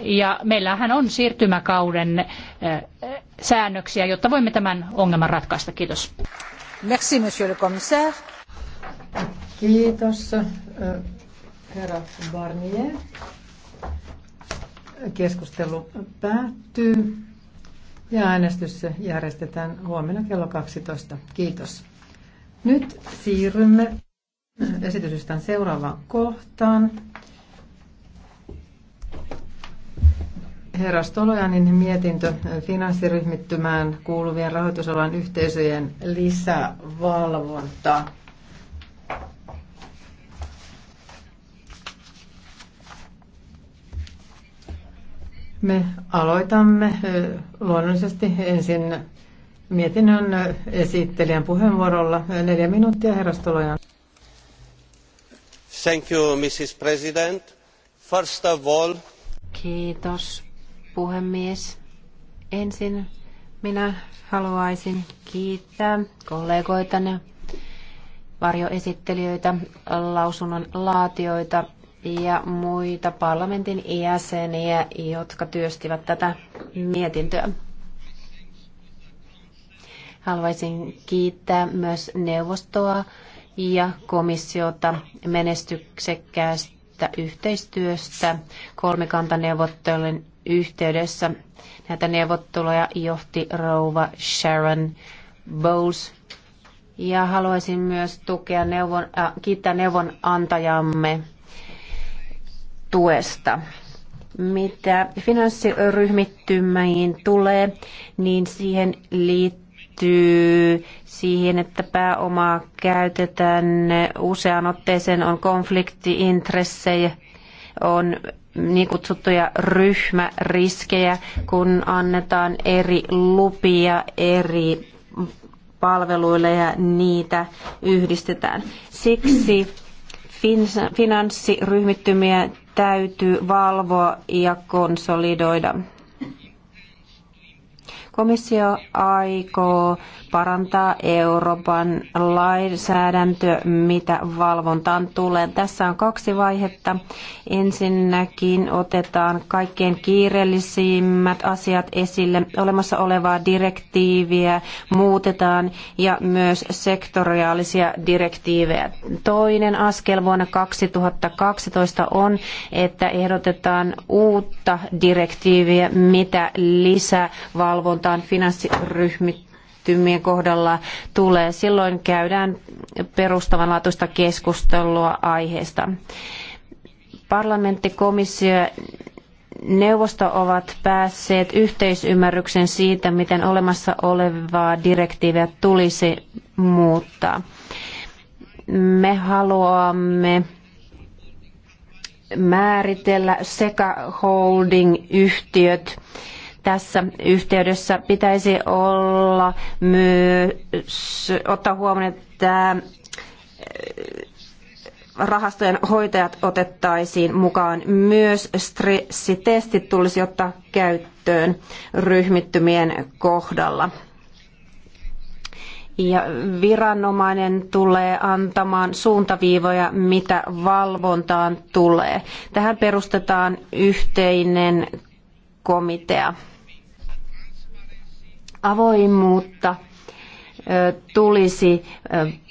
Ja meillähän on siirtymäkauden eh, säännöksiä, jotta voimme tämän ongelman ratkaista. Kiitos. Merci, monsieur le commissaire. Kiitos, eh, herra Barnier. Keskustelu päättyy ja äänestys järjestetään huomenna kello 12. Kiitos. Nyt siirrymme esitysystään seuraavaan kohtaan. Herra Stolojanin mietintö finanssiryhmittymään kuuluvien rahoitusalan yhteisöjen lisävalvonta. Me aloitamme luonnollisesti ensin mietinnön esittelijän puheenvuorolla. Neljä minuuttia, herra Stolojan. Thank you, Mrs. President. First of all... Kiitos, puhemies. Ensin minä haluaisin kiittää kollegoitani, varjoesittelijöitä, lausunnon laatioita ja muita parlamentin jäseniä, jotka työstivät tätä mietintöä. Haluaisin kiittää myös neuvostoa ja komissiota menestyksekkäästä yhteistyöstä kolmikantaneuvottelujen yhteydessä. Näitä neuvotteluja johti rouva Sharon Bowles. Ja haluaisin myös tukea neuvon, äh, kiittää neuvonantajamme tuesta. Mitä finanssiryhmittymäihin tulee, niin siihen liittyy siihen, että pääomaa käytetään useaan otteeseen, on intressejä, on niin kutsuttuja ryhmäriskejä, kun annetaan eri lupia eri palveluille ja niitä yhdistetään. Siksi finanssiryhmittymiä täytyy valvoa ja konsolidoida. Komissio aikoo parantaa Euroopan lainsäädäntöä, mitä valvontaan tulee. Tässä on kaksi vaihetta. Ensinnäkin otetaan kaikkein kiireellisimmät asiat esille. Olemassa olevaa direktiiviä muutetaan ja myös sektoriaalisia direktiivejä. Toinen askel vuonna 2012 on, että ehdotetaan uutta direktiiviä, mitä lisävalvonta tarvitaan finanssiryhmittymien kohdalla tulee. Silloin käydään perustavanlaatuista keskustelua aiheesta. Parlamentti, komissio neuvosto ovat päässeet yhteisymmärryksen siitä, miten olemassa olevaa direktiiviä tulisi muuttaa. Me haluamme määritellä sekä holding-yhtiöt tässä yhteydessä pitäisi olla myös ottaa huomioon, että äh, rahastojen hoitajat otettaisiin mukaan. Myös stressitestit tulisi ottaa käyttöön ryhmittymien kohdalla. Ja viranomainen tulee antamaan suuntaviivoja, mitä valvontaan tulee. Tähän perustetaan yhteinen komitea avoimuutta tulisi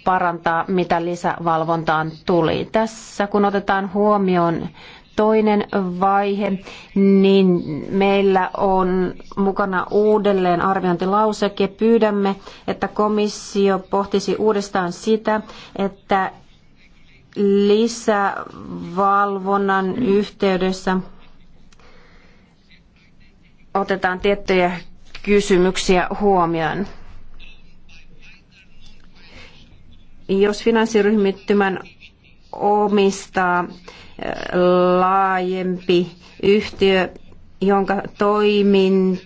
parantaa, mitä lisävalvontaan tuli. Tässä kun otetaan huomioon toinen vaihe, niin meillä on mukana uudelleen arviointilauseke. Pyydämme, että komissio pohtisi uudestaan sitä, että lisävalvonnan yhteydessä otetaan tiettyjä kysymyksiä huomioon. Jos finanssiryhmittymän omistaa äh, laajempi yhtiö, jonka toiminta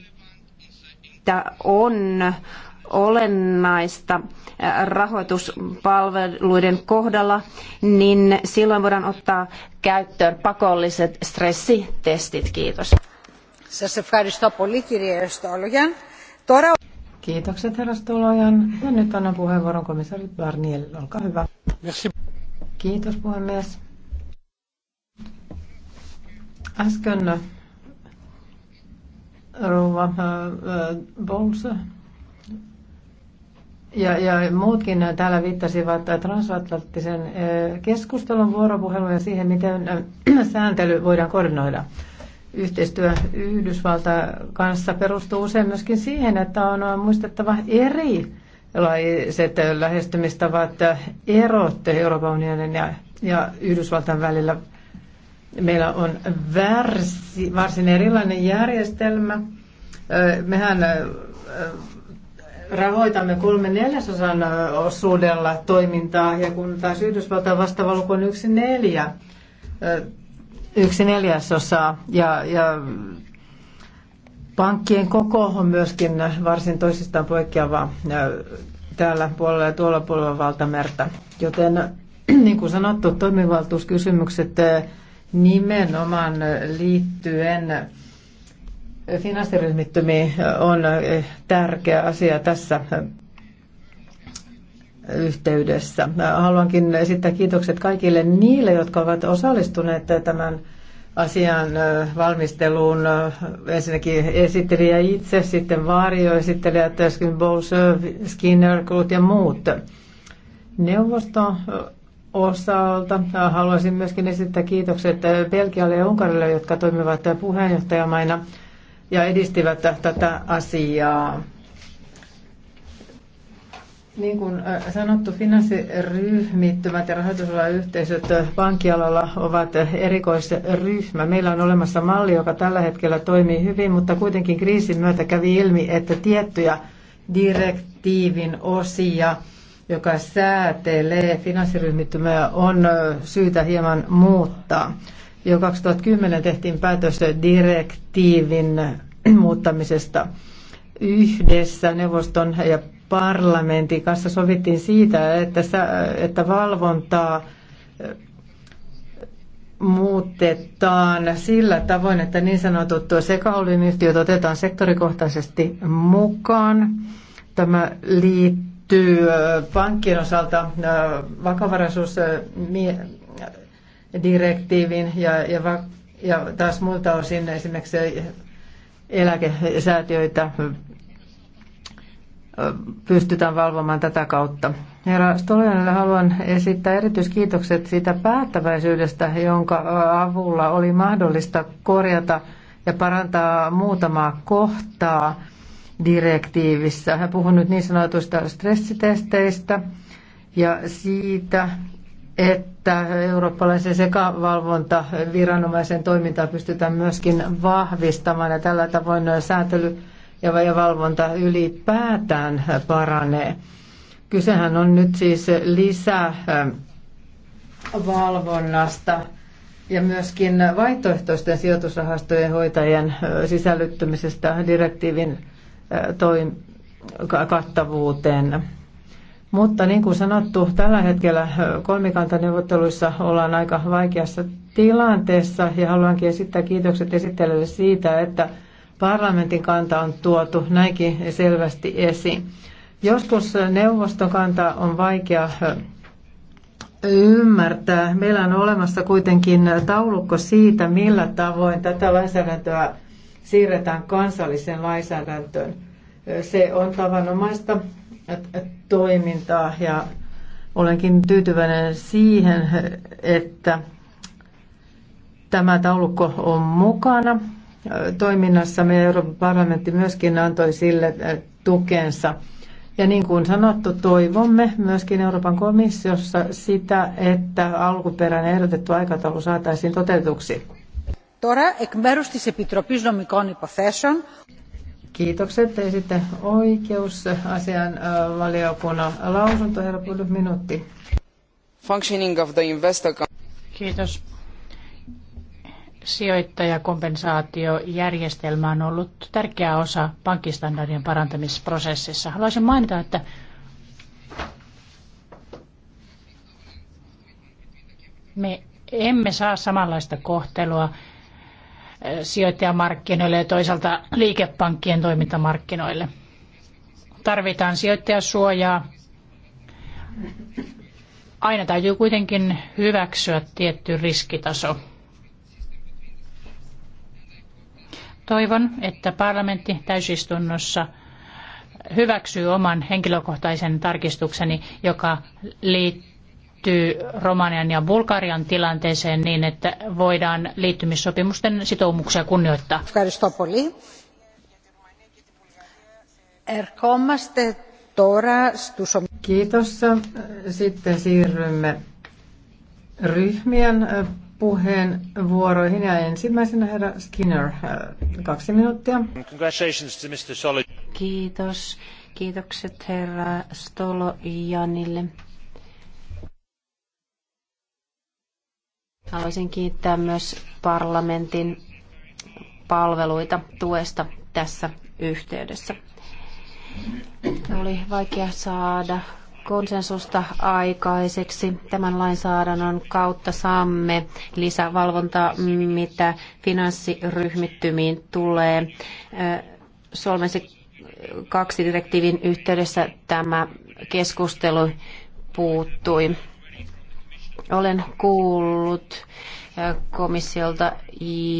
on olennaista äh, rahoituspalveluiden kohdalla, niin silloin voidaan ottaa käyttöön pakolliset stressitestit. Kiitos. Kiitokset herra Stolojan. Ja nyt annan puheenvuoron komissaari Barniel. Olkaa hyvä. Merci. Kiitos puhemies. Äsken äh, rouva äh, Bowles ja, ja muutkin täällä viittasivat äh, transatlanttisen keskustelun vuoropuheluun ja siihen, miten sääntely voidaan koordinoida yhteistyö Yhdysvalta kanssa perustuu usein myöskin siihen, että on muistettava eri laiset lähestymistavat erot Euroopan unionin ja, ja Yhdysvaltain välillä. Meillä on värsi, varsin erilainen järjestelmä. Mehän rahoitamme kolme neljäsosan osuudella toimintaa, ja kun taas Yhdysvaltain vastaava luku on yksi neljä yksi neljäsosa ja, ja pankkien koko on myöskin varsin toisistaan poikkeava täällä puolella ja tuolla puolella valtamerta. Joten niin kuin sanottu, toimivaltuuskysymykset nimenomaan liittyen finanssiryhmittymiin on tärkeä asia tässä yhteydessä. Haluankin esittää kiitokset kaikille niille, jotka ovat osallistuneet tämän asian valmisteluun. Ensinnäkin esittelijä itse, sitten varjoesittelijät, Töskin Bowles, Skinner, Kult ja muut. neuvosto osalta haluaisin myöskin esittää kiitokset Belgialle ja Unkarille, jotka toimivat puheenjohtajamaina ja edistivät tätä asiaa. Niin kuin sanottu, finanssiryhmittymät ja rahoitusalan yhteisöt pankkialalla ovat erikoisryhmä. Meillä on olemassa malli, joka tällä hetkellä toimii hyvin, mutta kuitenkin kriisin myötä kävi ilmi, että tiettyjä direktiivin osia, joka säätelee finanssiryhmittymää, on syytä hieman muuttaa. Jo 2010 tehtiin päätös direktiivin muuttamisesta yhdessä neuvoston ja parlamentin kanssa sovittiin siitä, että, että valvontaa äh, muutetaan sillä tavoin, että niin sanotut sekaoliyhtiöt otetaan sektorikohtaisesti mukaan. Tämä liittyy äh, pankkien osalta äh, vakavaraisuusdirektiivin ja, ja, ja taas muilta osin esimerkiksi eläkesäätiöitä pystytään valvomaan tätä kautta. Herra Stolianille haluan esittää erityiskiitokset siitä päättäväisyydestä, jonka avulla oli mahdollista korjata ja parantaa muutamaa kohtaa direktiivissä. Hän puhui nyt niin sanotuista stressitesteistä ja siitä, että eurooppalaisen viranomaisen toimintaa pystytään myöskin vahvistamaan ja tällä tavoin sääntely ja valvonta ylipäätään paranee. Kysehän on nyt siis lisävalvonnasta ja myöskin vaihtoehtoisten sijoitusrahastojen hoitajien sisällyttämisestä direktiivin toim- kattavuuteen. Mutta niin kuin sanottu, tällä hetkellä kolmikantaneuvotteluissa ollaan aika vaikeassa tilanteessa ja haluankin esittää kiitokset esittelijälle siitä, että Parlamentin kanta on tuotu näinkin selvästi esiin. Joskus neuvoston kanta on vaikea ymmärtää. Meillä on olemassa kuitenkin taulukko siitä, millä tavoin tätä lainsäädäntöä siirretään kansalliseen lainsäädäntöön. Se on tavanomaista toimintaa ja olenkin tyytyväinen siihen, että tämä taulukko on mukana Toiminnassa me Euroopan parlamentti myöskin antoi sille äh, tukensa. Ja niin kuin sanottu, toivomme myöskin Euroopan komissiossa sitä, että alkuperäinen ehdotettu aikataulu saataisiin toteutuksi. Τώρα εκ μέρους της Επιτροπής Νομικών Υποθέσεων. Kiitokset ja sitten oikeusasian äh, valiokunnan lausunto, herra Pudu, minuutti. Functioning of the investor... Kiitos sijoittajakompensaatiojärjestelmä on ollut tärkeä osa pankkistandardien parantamisprosessissa. Haluaisin mainita, että me emme saa samanlaista kohtelua eh, sijoittajamarkkinoille ja toisaalta liikepankkien toimintamarkkinoille. Tarvitaan sijoittajasuojaa. Aina täytyy kuitenkin hyväksyä tietty riskitaso. Toivon, että parlamentti täysistunnossa hyväksyy oman henkilökohtaisen tarkistukseni, joka liittyy Romanian ja Bulgarian tilanteeseen niin, että voidaan liittymissopimusten sitoumuksia kunnioittaa. Kiitos. Sitten siirrymme ryhmien puheenvuoroihin ja ensimmäisenä herra Skinner, äh, kaksi minuuttia. Congratulations to Mr. Solid. Kiitos. Kiitokset herra Stolojanille. Haluaisin kiittää myös parlamentin palveluita tuesta tässä yhteydessä. Oli vaikea saada konsensusta aikaiseksi. Tämän lainsäädännön kautta saamme lisävalvontaa, mitä finanssiryhmittymiin tulee. Solmensi kaksi direktiivin yhteydessä tämä keskustelu puuttui. Olen kuullut komissiolta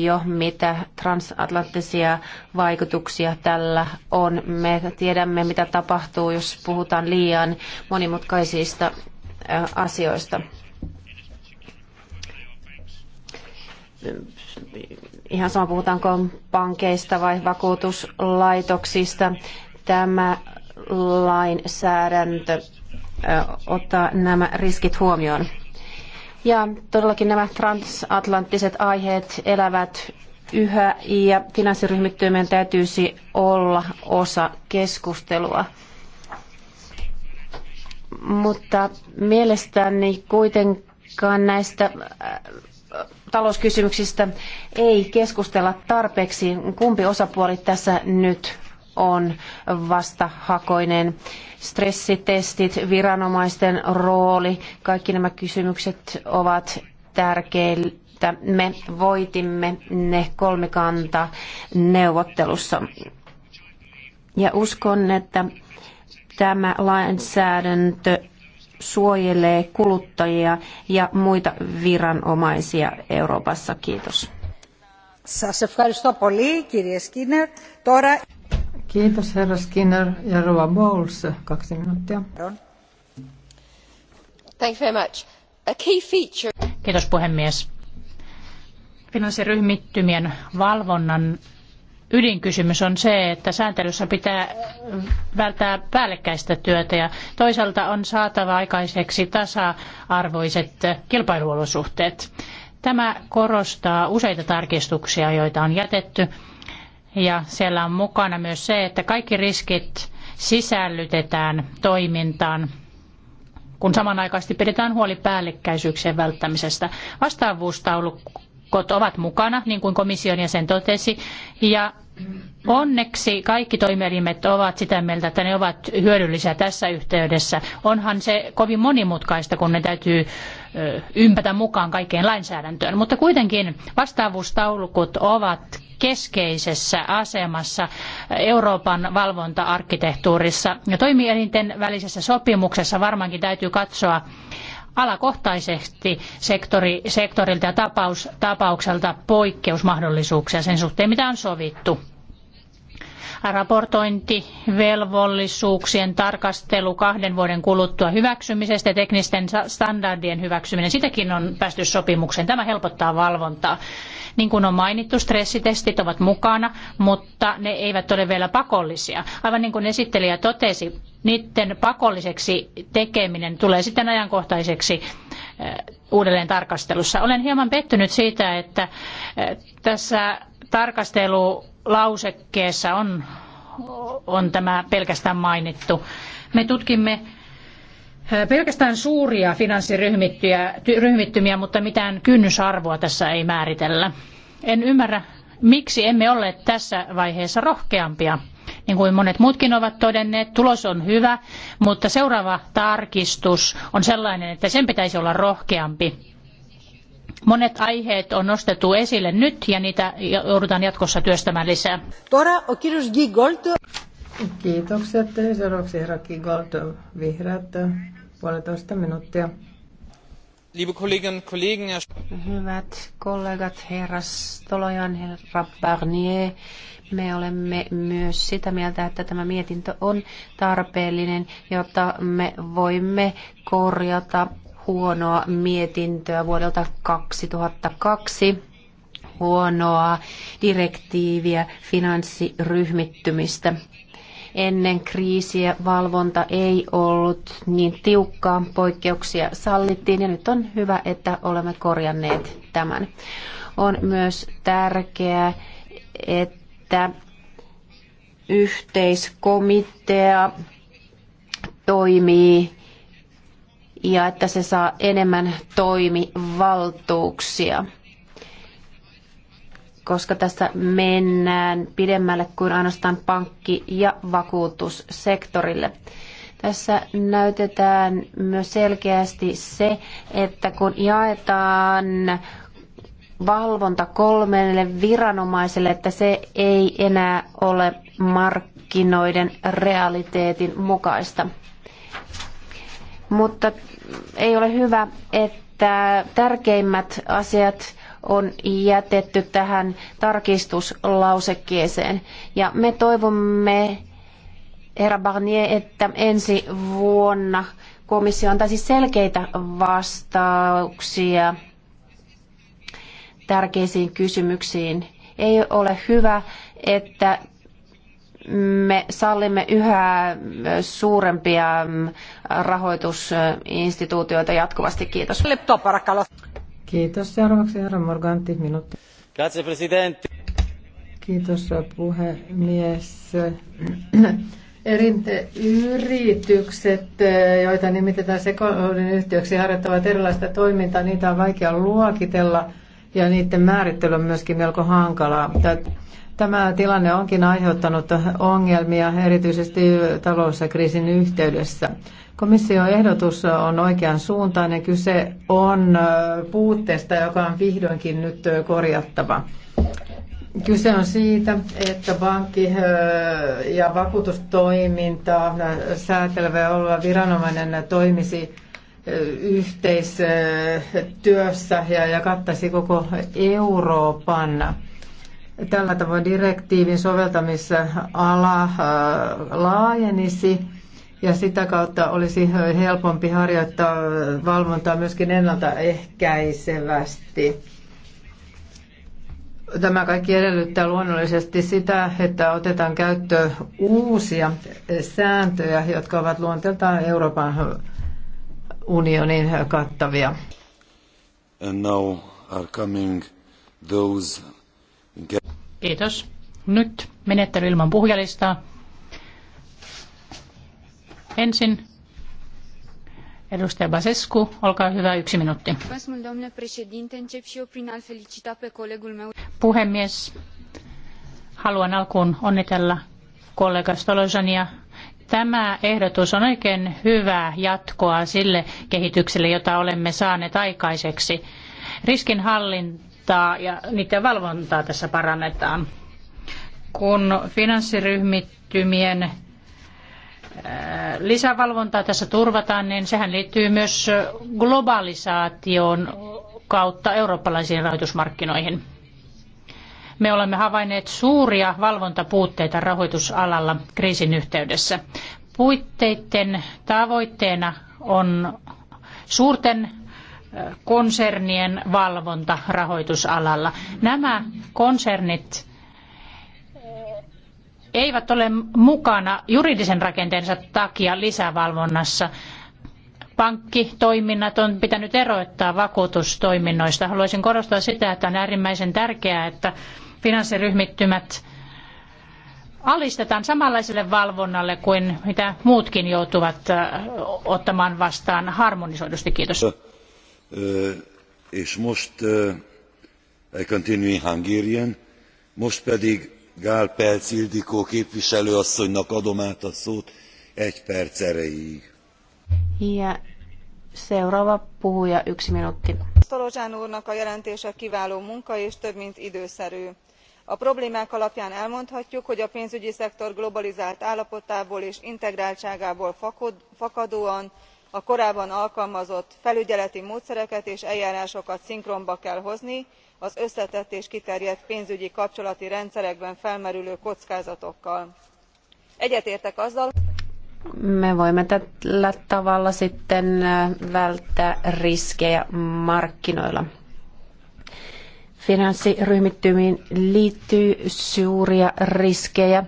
jo, mitä transatlanttisia vaikutuksia tällä on. Me tiedämme, mitä tapahtuu, jos puhutaan liian monimutkaisista asioista. Ihan sama puhutaanko pankeista vai vakuutuslaitoksista. Tämä lainsäädäntö ottaa nämä riskit huomioon. Ja todellakin nämä transatlanttiset aiheet elävät yhä ja finanssiryhmittymien täytyisi olla osa keskustelua. Mutta mielestäni kuitenkaan näistä äh, talouskysymyksistä ei keskustella tarpeeksi. Kumpi osapuoli tässä nyt on vastahakoinen. Stressitestit, viranomaisten rooli, kaikki nämä kysymykset ovat tärkeitä. Me voitimme ne kolmikanta neuvottelussa. Ja uskon, että tämä lainsäädäntö suojelee kuluttajia ja muita viranomaisia Euroopassa. Kiitos. Σας ευχαριστώ πολύ, κύριε Σκίνερ. Τώρα... Kiitos herra Skinner ja Rova Bowles. Kaksi minuuttia. Thank you very much. A key feature... Kiitos puhemies. Finanssiryhmittymien valvonnan ydinkysymys on se, että sääntelyssä pitää välttää päällekkäistä työtä ja toisaalta on saatava aikaiseksi tasa-arvoiset kilpailuolosuhteet. Tämä korostaa useita tarkistuksia, joita on jätetty ja siellä on mukana myös se, että kaikki riskit sisällytetään toimintaan, kun samanaikaisesti pidetään huoli päällekkäisyyksien välttämisestä. Vastaavuustaulukot ovat mukana, niin kuin komission jäsen totesi, ja Onneksi kaikki toimielimet ovat sitä mieltä, että ne ovat hyödyllisiä tässä yhteydessä. Onhan se kovin monimutkaista, kun ne täytyy ympätä mukaan kaikkeen lainsäädäntöön. Mutta kuitenkin vastaavuustaulukot ovat keskeisessä asemassa Euroopan valvonta-arkkitehtuurissa. Ja toimielinten välisessä sopimuksessa varmaankin täytyy katsoa alakohtaisesti sektori, sektorilta ja tapaus, tapaukselta poikkeusmahdollisuuksia sen suhteen, mitä on sovittu raportointivelvollisuuksien tarkastelu kahden vuoden kuluttua hyväksymisestä ja teknisten standardien hyväksyminen. Sitäkin on päästy sopimukseen. Tämä helpottaa valvontaa. Niin kuin on mainittu, stressitestit ovat mukana, mutta ne eivät ole vielä pakollisia. Aivan niin kuin esittelijä totesi, niiden pakolliseksi tekeminen tulee sitten ajankohtaiseksi eh, uudelleen tarkastelussa. Olen hieman pettynyt siitä, että eh, tässä tarkastelu lausekkeessa on, on tämä pelkästään mainittu. Me tutkimme pelkästään suuria finanssiryhmittymiä, mutta mitään kynnysarvoa tässä ei määritellä. En ymmärrä, miksi emme ole tässä vaiheessa rohkeampia. Niin kuin monet muutkin ovat todenneet, tulos on hyvä, mutta seuraava tarkistus on sellainen, että sen pitäisi olla rohkeampi. Monet aiheet on nostettu esille nyt ja niitä joudutaan jatkossa työstämään lisää. Tora, o kirjus Gigolt. Kiitokset. Seuraavaksi herra Gigolt, vihreät, puolitoista minuuttia. Liebe Kolleginnen Kollegen, Herr Hyvät kollegat, herra Stolojan, herra Barnier, me olemme myös sitä mieltä, että tämä mietintö on tarpeellinen, jotta me voimme korjata huonoa mietintöä vuodelta 2002, huonoa direktiiviä finanssiryhmittymistä. Ennen kriisiä valvonta ei ollut niin tiukkaa, poikkeuksia sallittiin ja nyt on hyvä, että olemme korjanneet tämän. On myös tärkeää, että yhteiskomitea toimii ja että se saa enemmän toimivaltuuksia, koska tässä mennään pidemmälle kuin ainoastaan pankki- ja vakuutussektorille. Tässä näytetään myös selkeästi se, että kun jaetaan valvonta kolmelle viranomaiselle, että se ei enää ole markkinoiden realiteetin mukaista mutta ei ole hyvä, että tärkeimmät asiat on jätetty tähän tarkistuslausekkeeseen. Ja me toivomme, herra Barnier, että ensi vuonna komissio antaisi selkeitä vastauksia tärkeisiin kysymyksiin. Ei ole hyvä, että me sallimme yhä suurempia rahoitusinstituutioita jatkuvasti. Kiitos. Kiitos. Seuraavaksi herra Morganti, minuutti. Grazie, Kiitos puhemies. Eri yritykset, joita nimitetään sekoilun yhtiöksi, harjoittavat erilaista toimintaa. Niitä on vaikea luokitella ja niiden määrittely on myöskin melko hankalaa. Tämä tilanne onkin aiheuttanut ongelmia erityisesti talouskriisin yhteydessä. Komission ehdotus on oikean suuntainen. Kyse on puutteesta, joka on vihdoinkin nyt korjattava. Kyse on siitä, että pankki- ja vakuutustoiminta säätelevä oleva viranomainen toimisi yhteistyössä ja kattaisi koko Euroopan. Tällä tavoin direktiivin soveltamisala äh, laajenisi ja sitä kautta olisi helpompi harjoittaa valvontaa myöskin ennaltaehkäisevästi. Tämä kaikki edellyttää luonnollisesti sitä, että otetaan käyttöön uusia sääntöjä, jotka ovat luonteeltaan Euroopan unionin kattavia. And now are coming those Kiitos. Nyt menettely ilman puhujalistaa. Ensin Edustaja Basescu, olkaa hyvä, yksi minuutti. Puhemies, haluan alkuun onnitella kollega Stolojania. Tämä ehdotus on oikein hyvää jatkoa sille kehitykselle, jota olemme saaneet aikaiseksi. Riskinhallinta valvontaa ja niiden valvontaa tässä parannetaan. Kun finanssiryhmittymien äh, lisävalvontaa tässä turvataan, niin sehän liittyy myös globalisaation kautta eurooppalaisiin rahoitusmarkkinoihin. Me olemme havainneet suuria valvontapuutteita rahoitusalalla kriisin yhteydessä. Puitteiden tavoitteena on suurten konsernien valvonta rahoitusalalla. Nämä konsernit eh, eivät ole mukana juridisen rakenteensa takia lisävalvonnassa. Pankkitoiminnat on pitänyt erottaa vakuutustoiminnoista. Haluaisin korostaa sitä, että on äärimmäisen tärkeää, että finanssiryhmittymät alistetaan samanlaiselle valvonnalle kuin mitä muutkin joutuvat eh, ottamaan vastaan harmonisoidusti. Kiitos és most I continue Hungarian, most pedig Gál pelcz Ildikó asszonynak adom át a szót egy perc erejéig. Ja, seuraava puhuja yksi minuutti. Stolozsán úrnak a jelentése kiváló munka és több mint időszerű a problémák alapján elmondhatjuk hogy a pénzügyi szektor globalizált állapotából és integráltságából fakadóan a korábban alkalmazott felügyeleti módszereket és eljárásokat szinkronba kell hozni az összetett és kiterjedt pénzügyi kapcsolati rendszerekben felmerülő kockázatokkal. egyetértek azzal me voimme tällä tavalla sitten välttää riskejä markkinoilla. Finanssiryhmittymiin liittyy suuria riskejä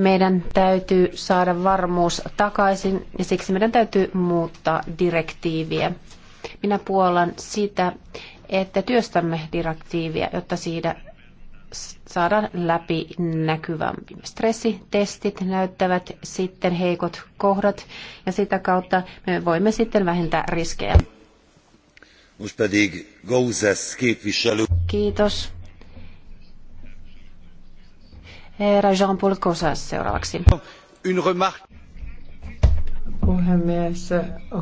meidän täytyy saada varmuus takaisin ja siksi meidän täytyy muuttaa direktiiviä. Minä puolan sitä, että työstämme direktiiviä, jotta siitä saadaan läpi näkyvämpi. Stressitestit näyttävät sitten heikot kohdat ja sitä kautta me voimme sitten vähentää riskejä. Kiitos. Herra Jean-Paul Kosas seuraavaksi. Puhemies,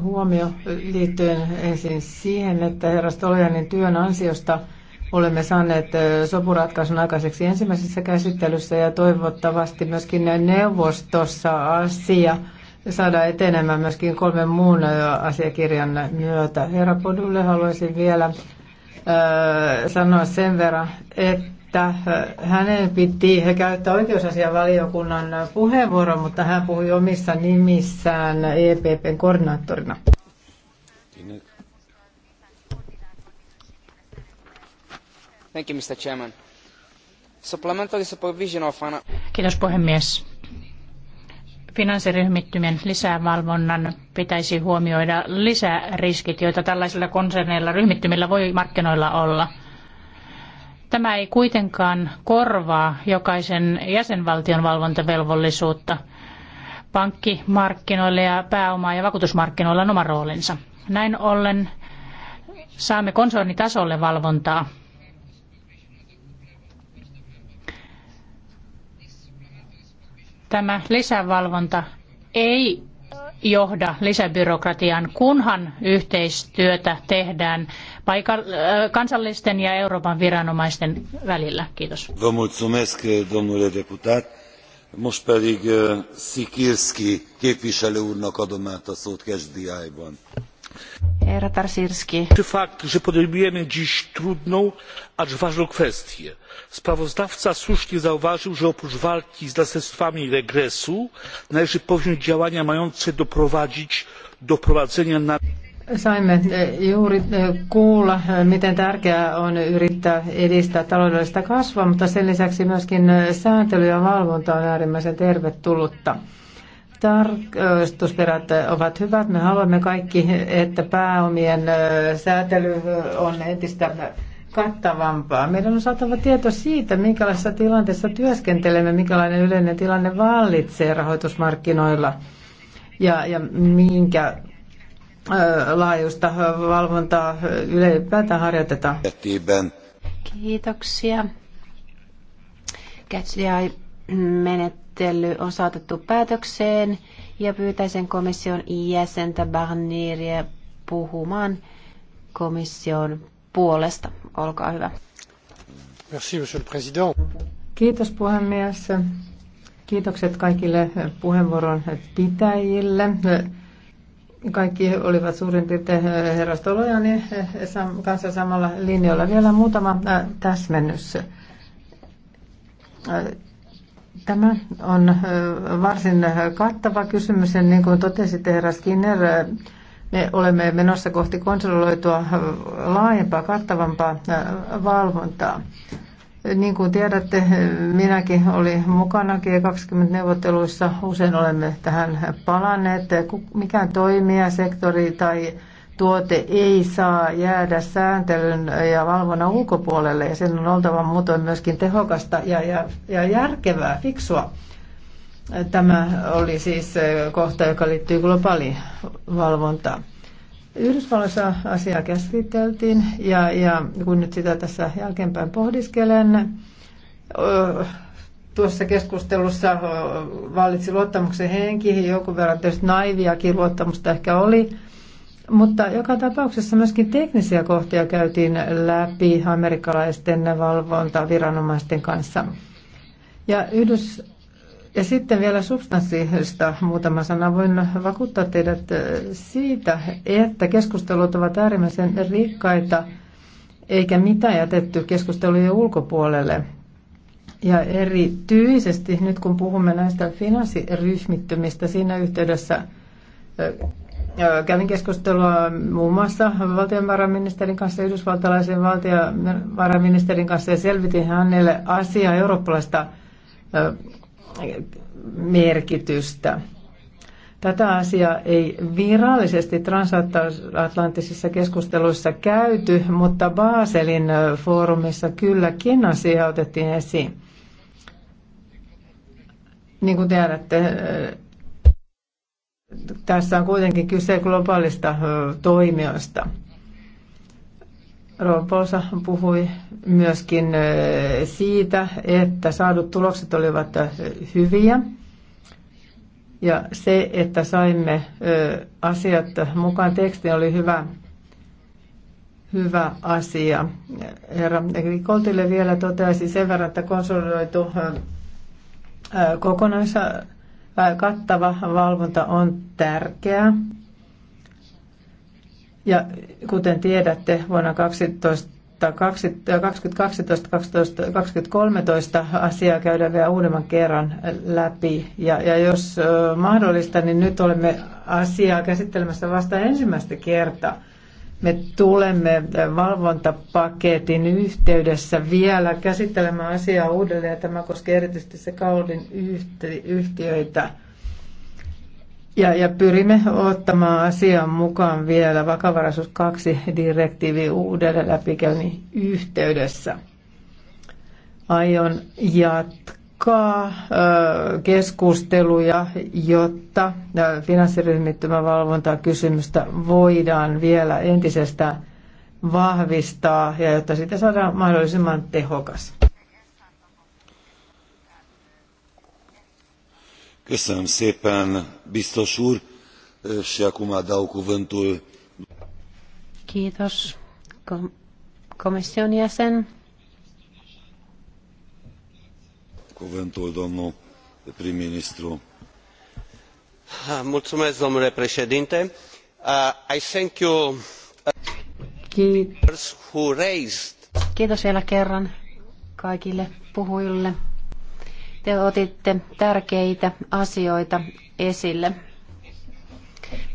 huomio liittyen ensin siihen, että herra Stolojanin työn ansiosta olemme saaneet sopuratkaisun aikaiseksi ensimmäisessä käsittelyssä ja toivottavasti myöskin neuvostossa asia saada etenemään myöskin kolmen muun asiakirjan myötä. Herra Podulle haluaisin vielä sanoa sen verran, että että äh, hänen piti käyttää oikeusasianvaliokunnan puheenvuoro, mutta hän puhui omissa nimissään EPPn koordinaattorina. Thank you, Mr. Chairman. Supplementary supervision of... Kiitos puhemies finanssiryhmittymien lisävalvonnan pitäisi huomioida lisäriskit, joita tällaisilla konserneilla ryhmittymillä voi markkinoilla olla. Tämä ei kuitenkaan korvaa jokaisen jäsenvaltion valvontavelvollisuutta. Pankkimarkkinoilla ja pääoma- ja vakuutusmarkkinoilla on oma roolinsa. Näin ollen saamme konsernitasolle valvontaa. Tämä lisävalvonta ei johda lisäbyrokratiaan, kunhan yhteistyötä tehdään äh, kansallisten ja Euroopan viranomaisten välillä. Kiitos. Vă mulțumesc, domnule deputat. Most pedig eh, Szikirszki képviselő úrnak adom át a szót Kesdiájban. Herra Fakt, że podejmujemy dziś trudną, acz ważną kwestię. Sprawozdawca słusznie zauważył, że oprócz walki z następstwami regresu należy podjąć działania mające doprowadzić do wprowadzenia na Saimme e, juuri e, kuulla, e, miten tärkeää on yrittää edistää taloudellista kasvua, mutta sen lisäksi myöskin sääntely ja valvonta on äärimmäisen tervetullutta tarkastusperät ovat hyvät. Me haluamme kaikki, että pääomien säätely on entistä kattavampaa. Meidän on saatava tieto siitä, minkälaisessa tilanteessa työskentelemme, minkälainen yleinen tilanne vallitsee rahoitusmarkkinoilla ja, ja minkä laajuista valvontaa ylipäätään harjoitetaan. Kiitoksia. Catch the Eye menettely on saatettu päätökseen ja pyytäisin komission jäsentä Barnieria puhumaan komission puolesta. Olkaa hyvä. Merci, monsieur le président. Kiitos puhemies. Kiitokset kaikille puheenvuoron pitäjille. Kaikki olivat suurin piirtein herra Stolojani niin kanssa samalla linjalla. Vielä muutama äh, täsmennys äh, Tämä on varsin kattava kysymys ja niin kuin totesi herra Skinner, me olemme menossa kohti konsoloitua laajempaa, kattavampaa valvontaa. Niin kuin tiedätte, minäkin olin mukana G20-neuvotteluissa. Usein olemme tähän palanneet. Mikään toimija, sektori tai tuote ei saa jäädä sääntelyn ja valvonnan ulkopuolelle ja sen on oltava muutoin myöskin tehokasta ja, ja, ja järkevää, fiksua. Tämä oli siis kohta, joka liittyy globaaliin valvontaan. Yhdysvalloissa asiaa käsiteltiin ja, ja kun nyt sitä tässä jälkeenpäin pohdiskelen, tuossa keskustelussa vallitsi luottamuksen henki, jonkun verran tietysti naiviakin luottamusta ehkä oli, mutta joka tapauksessa myöskin teknisiä kohtia käytiin läpi amerikkalaisten valvontaviranomaisten kanssa. Ja, yhdys, ja sitten vielä substanssista muutama sana. Voin vakuuttaa teidät äh, siitä, että keskustelut ovat äärimmäisen rikkaita, eikä mitään jätetty keskustelujen ulkopuolelle. Ja erityisesti nyt kun puhumme näistä finanssiryhmittymistä siinä yhteydessä äh, kävin keskustelua muun muassa valtionvarainministerin kanssa, yhdysvaltalaisen valtionvarainministerin kanssa ja selvitin hänelle asiaa eurooppalaista merkitystä. Tätä asiaa ei virallisesti transatlanttisissa keskusteluissa käyty, mutta Baselin foorumissa kylläkin asia otettiin esiin. Niin kuin tiedätte, tässä on kuitenkin kyse globaalista toimijoista. Roopolsa puhui myöskin siitä, että saadut tulokset olivat hyviä ja se, että saimme asiat mukaan tekstiin, oli hyvä, hyvä asia. Herra Koltille vielä toteaisin sen verran, että konsolidoitu kokonaisuus kattava valvonta on tärkeää. Ja kuten tiedätte, vuonna 12 2012-2013 asiaa käydään vielä uudemman kerran läpi. Ja, ja jos mahdollista, niin nyt olemme asiaa käsittelemässä vasta ensimmäistä kertaa. Me tulemme valvontapaketin yhteydessä vielä käsittelemään asiaa uudelleen. Tämä koskee erityisesti se Kaudin yhtiöitä. Ja, ja pyrimme ottamaan asian mukaan vielä vakavaraisuus 2 direktiivi uudelleen läpikäynnin yhteydessä. Aion jatkaa tiukkaa keskusteluja, jotta finanssiryhmittymän valvontakysymystä voidaan vielä entisestä vahvistaa ja jotta siitä saadaan mahdollisimman tehokas. Köszönöm szépen, biztos úr, és Kiitos komission jäsen. cuvântul domnul prim ministru. Mulțumesc, domnule președinte. Uh, I thank you Kiitos. Uh, who raised. Kiitos vielä kerran kaikille puhujille. Te otitte tärkeitä asioita esille.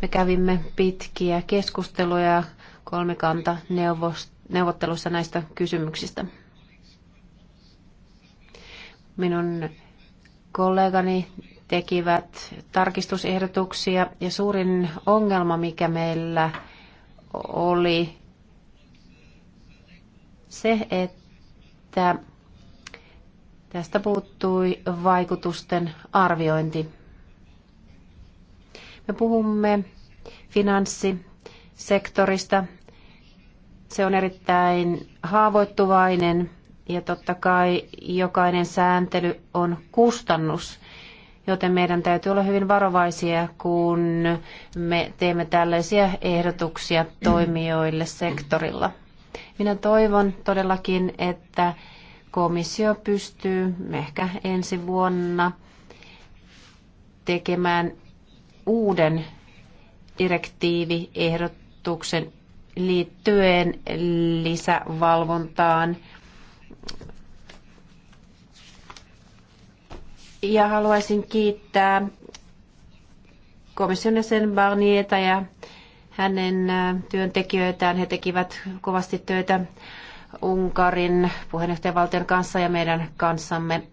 Me kävimme pitkiä keskusteluja kolmikanta neuvottelussa näistä kysymyksistä minun kollegani tekivät tarkistusehdotuksia ja suurin ongelma, mikä meillä oli se, että tästä puuttui vaikutusten arviointi. Me puhumme finanssisektorista. Se on erittäin haavoittuvainen ja totta kai jokainen sääntely on kustannus, joten meidän täytyy olla hyvin varovaisia, kun me teemme tällaisia ehdotuksia toimijoille sektorilla. Minä toivon todellakin, että komissio pystyy ehkä ensi vuonna tekemään uuden direktiiviehdotuksen liittyen lisävalvontaan Ja haluaisin kiittää komission jäsen Barnieta ja hänen äh, työntekijöitään. He tekivät kovasti töitä Unkarin puheenjohtajavaltion kanssa ja meidän kanssamme.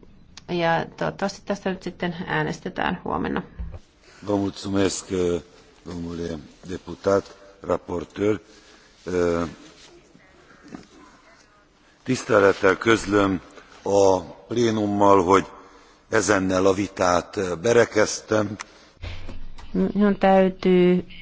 Ja toivottavasti tästä nyt sitten äänestetään huomenna. Vă mulțumesc, eh, domnule deputat, raportor. Eh, tisztelettel közlöm a plénummal, hogy Ezennel a vitát berekeztem. täytyy